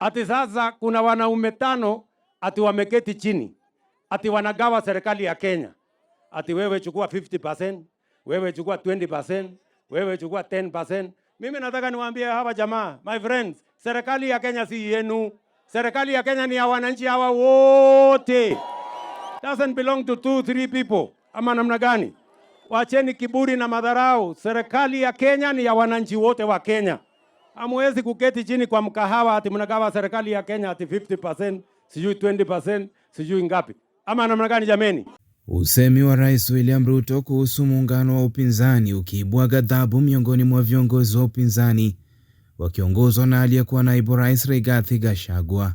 Ati sasa kuna wanaume tano ati wameketi chini, ati wanagawa serikali ya Kenya, ati wewe chukua 50%, wewe chukua 20%, wewe chukua 10%. Mimi nataka niwaambie hawa jamaa, my friends, serikali ya Kenya si yenu. Serikali ya Kenya ni ya wananchi hawa wote, doesn't belong to two three people. Ama namna gani? Wacheni kiburi na madharau. Serikali ya Kenya ni ya wananchi wote wa Kenya. Hamwezi kuketi chini kwa mkahawa ati mnagawa serikali ya Kenya ati 50%, sijui 20%, sijui ngapi. Ama namna gani jameni? Usemi wa Rais William Ruto kuhusu muungano wa upinzani ukiibua ghadhabu miongoni mwa viongozi wa upinzani wakiongozwa na aliyekuwa naibu rais Rigathi Gashagwa.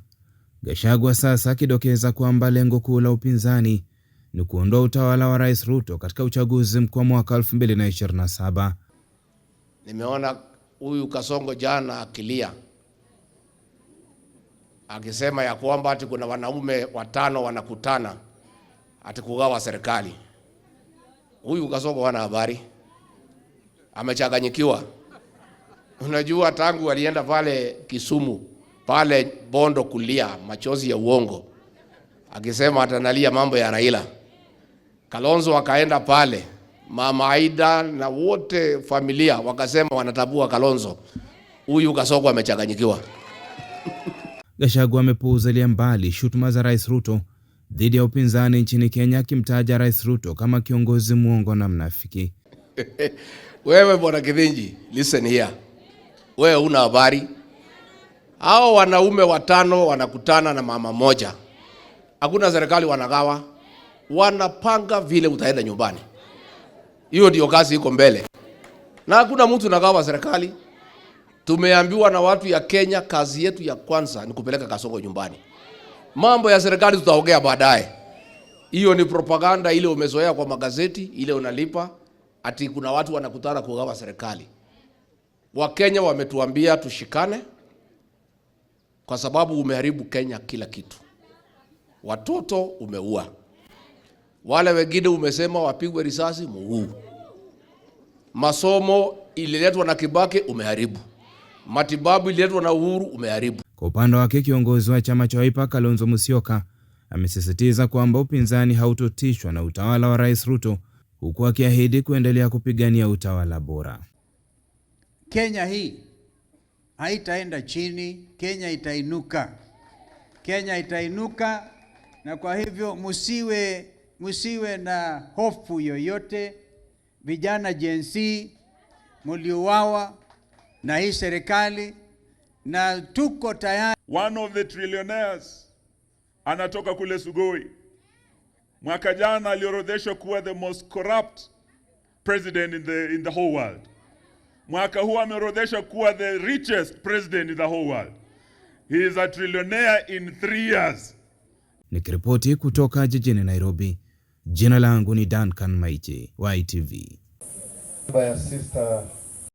Gashagwa sasa akidokeza kwamba lengo kuu la upinzani ni kuondoa utawala wa Rais Ruto katika uchaguzi mkuu wa mwaka 2027. Nimeona huyu Kasongo jana akilia akisema ya kwamba ati kuna wanaume watano wanakutana ati kugawa serikali. Huyu Kasongo wana habari, amechanganyikiwa. Unajua, tangu alienda pale Kisumu pale Bondo kulia machozi ya uongo akisema atanalia mambo ya Raila, Kalonzo akaenda pale Mama Aida na wote familia wakasema wanatabua Kalonzo, huyu Kasoko amechanganyikiwa. Gachagua amepuuzilia mbali shutuma za Rais Ruto dhidi ya upinzani nchini Kenya, akimtaja Rais Ruto kama kiongozi mwongo na mnafiki. Wewe bwana Kithinji, listen here, wewe una habari? Hao wanaume watano wanakutana na mama moja, hakuna serikali, wanagawa, wanapanga vile utaenda nyumbani. Hiyo ndio kazi iko mbele, na hakuna mtu nagawa serikali. Tumeambiwa na watu ya Kenya, kazi yetu ya kwanza ni kupeleka kasoko nyumbani. Mambo ya serikali tutaongea baadaye. Hiyo ni propaganda ile umezoea kwa magazeti, ile unalipa ati kuna watu wanakutana kugawa serikali. Wakenya wametuambia tushikane, kwa sababu umeharibu Kenya kila kitu. Watoto umeua wale wengine umesema wapigwe risasi muu. Masomo ililetwa na Kibaki umeharibu, matibabu ililetwa na Uhuru umeharibu. Kwa upande wake kiongozi wa chama cha Wiper Kalonzo Musyoka amesisitiza kwamba upinzani hautotishwa na utawala wa Rais Ruto, huku akiahidi kuendelea kupigania utawala bora. Kenya hii haitaenda chini, Kenya itainuka, Kenya itainuka, na kwa hivyo msiwe msiwe na hofu yoyote. Vijana jensi muliuawa na hii serikali na tuko tayari. One of the trillionaires anatoka kule Sugoi. Mwaka jana aliorodheshwa kuwa the most corrupt president in the, in the whole world. Mwaka huu ameorodheshwa kuwa the richest president in the whole world. He is a trillionaire in three years. Nikiripoti kutoka jijini Nairobi. Jina langu ni Duncan Maiti wa sister...